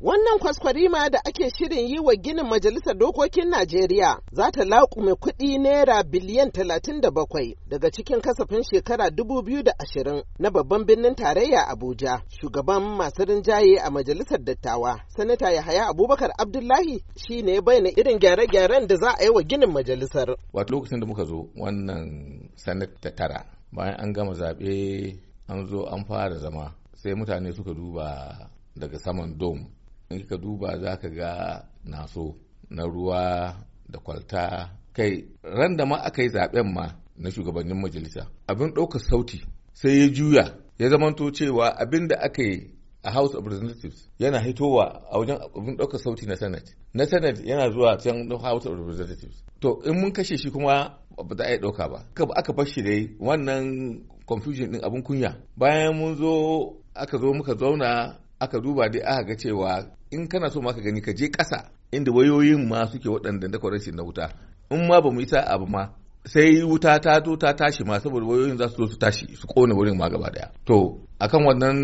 Wannan kwaskwarima da ake shirin yi wa ginin Majalisar Dokokin Najeriya za ta laƙume kuɗi naira biliyan 37 daga cikin kasafin shekara 2020 na babban birnin tarayya Abuja. Shugaban masu rinjaye a Majalisar Dattawa, Sanata Yahaya Abubakar Abdullahi shi ne bayyana irin gyare-gyaren da za a yi wa ginin majalisar. Wato lokacin da muka zo wannan sanata tara bayan an gama zaɓe an zo an fara zama sai mutane suka duba daga saman dome in ka duba za ka ga naso na ruwa da kwalta kai ran da ma aka yi zaben ma na shugabannin majalisa abin ɗaukar sauti sai ya juya ya zamanto cewa abin da aka yi a house of representatives yana hitowa a wajen abin ɗaukar sauti na senate na senate yana zuwa can house of representatives to in mun kashe shi kuma ba za a yi ɗauka ba aka bar shi dai wannan confusion din abin kunya bayan mun zo aka zo muka zauna aka duba dai aka ga cewa in kana so ma ka gani ka je ƙasa inda wayoyin ma suke waɗanda da kwarashin na wuta in ma ba mu isa abu ma sai wuta ta to ta tashi ma saboda wayoyin za su zo su tashi su kone wurin ma gaba daya to akan wannan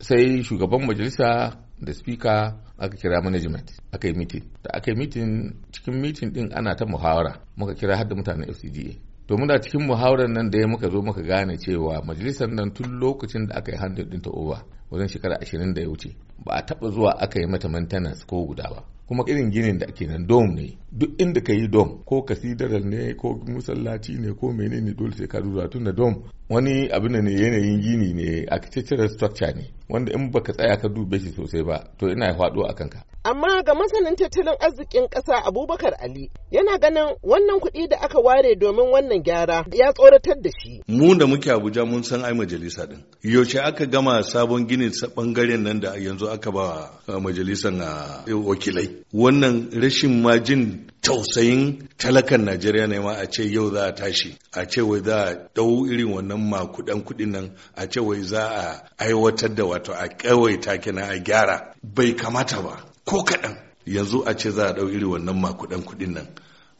sai shugaban majalisa da speaker aka kira management aka yi meeting da aka yi meeting cikin meeting din ana ta muhawara muka kira har da mutanen FCDA to muna cikin muhawarar nan da ya muka zo muka gane cewa majalisar nan tun lokacin da aka yi handle din ta over wajen shekara ashirin da ya wuce ba a taɓa zuwa aka yi mata maintenance ko guda ba kuma irin ginin da ake nan dom ne duk inda ka yi dom ko kasidarar ne ko musallaci ne ko menene dole sai ka zuwa tun da dom wani abin ne yanayin gini ne architectural structure ne wanda in baka tsaya ka dube shi sosai ba to ina faɗo a kanka Amma ga masanin tattalin arzikin ƙasa Abubakar Ali yana ganin wannan kuɗi da aka ware domin wannan gyara ya tsoratar da shi. Mu da muke Abuja mun san ai majalisa din. Yaushe aka gama sabon gini bangaren nan da yanzu aka ba majalisar na wakilai. Wannan rashin majin tausayin talakan Najeriya ne ma a ce yau za a tashi a ce wai za a dau irin wannan makudan kuɗi nan a ce wai za a aiwatar da wato a kawai take na a gyara bai kamata ba ko kaɗan yanzu a ce za a ɗau iri wannan makudan kuɗin nan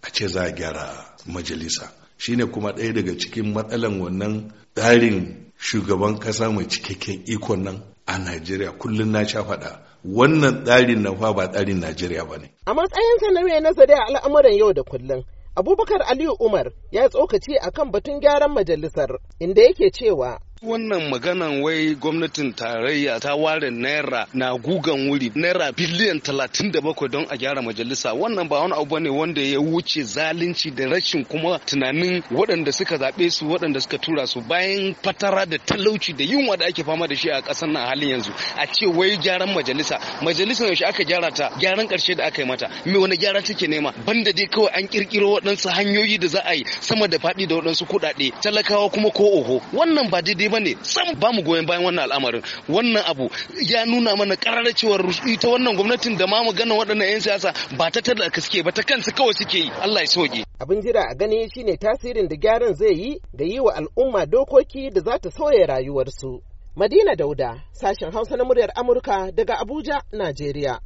a ce za a gyara majalisa shine kuma ɗaya daga cikin matsalan wannan tsarin shugaban ƙasa mai cikakken ikon nan a Najeriya kullum na sha faɗa wannan tsarin na fa ba tsarin Najeriya ba ne. A matsayinsa na mai nazari a al'amuran yau da kullum, Abubakar Aliyu Umar ya tsokaci akan batun gyaran majalisar inda yake cewa Wannan magana wai gwamnatin tarayya ta ware naira na gugan wuri naira biliyan talatin da bakwai don a gyara majalisa wannan ba wani abu ne wanda ya wuce zalunci da rashin kuma tunanin waɗanda suka zaɓe su waɗanda suka tura su bayan fatara da talauci da yunwa da ake fama da shi a ƙasar nan halin yanzu a ce wai gyaran majalisa majalisa yaushe aka gyara ta gyaran ƙarshe da aka yi mata me wani gyara take nema banda dai kawai an ƙirƙiro waɗansu hanyoyi da za a yi sama da faɗi da waɗansu kuɗaɗe talakawa kuma ko oho wannan ba daidai ba ne sam ba mu goyon bayan wannan al'amarin wannan abu ya nuna mana karar cewar ita wannan gwamnatin da ma magana waɗannan 'yan siyasa ba ta tada ka suke ba ta kansu kawai suke yi Allah ya soke. Abin jira a gani shine tasirin da gyaran zai yi ga yi wa al'umma dokoki da za ta sauya rayuwarsu. Madina Dauda, sashen Hausa na muryar Amurka daga Abuja, Najeriya.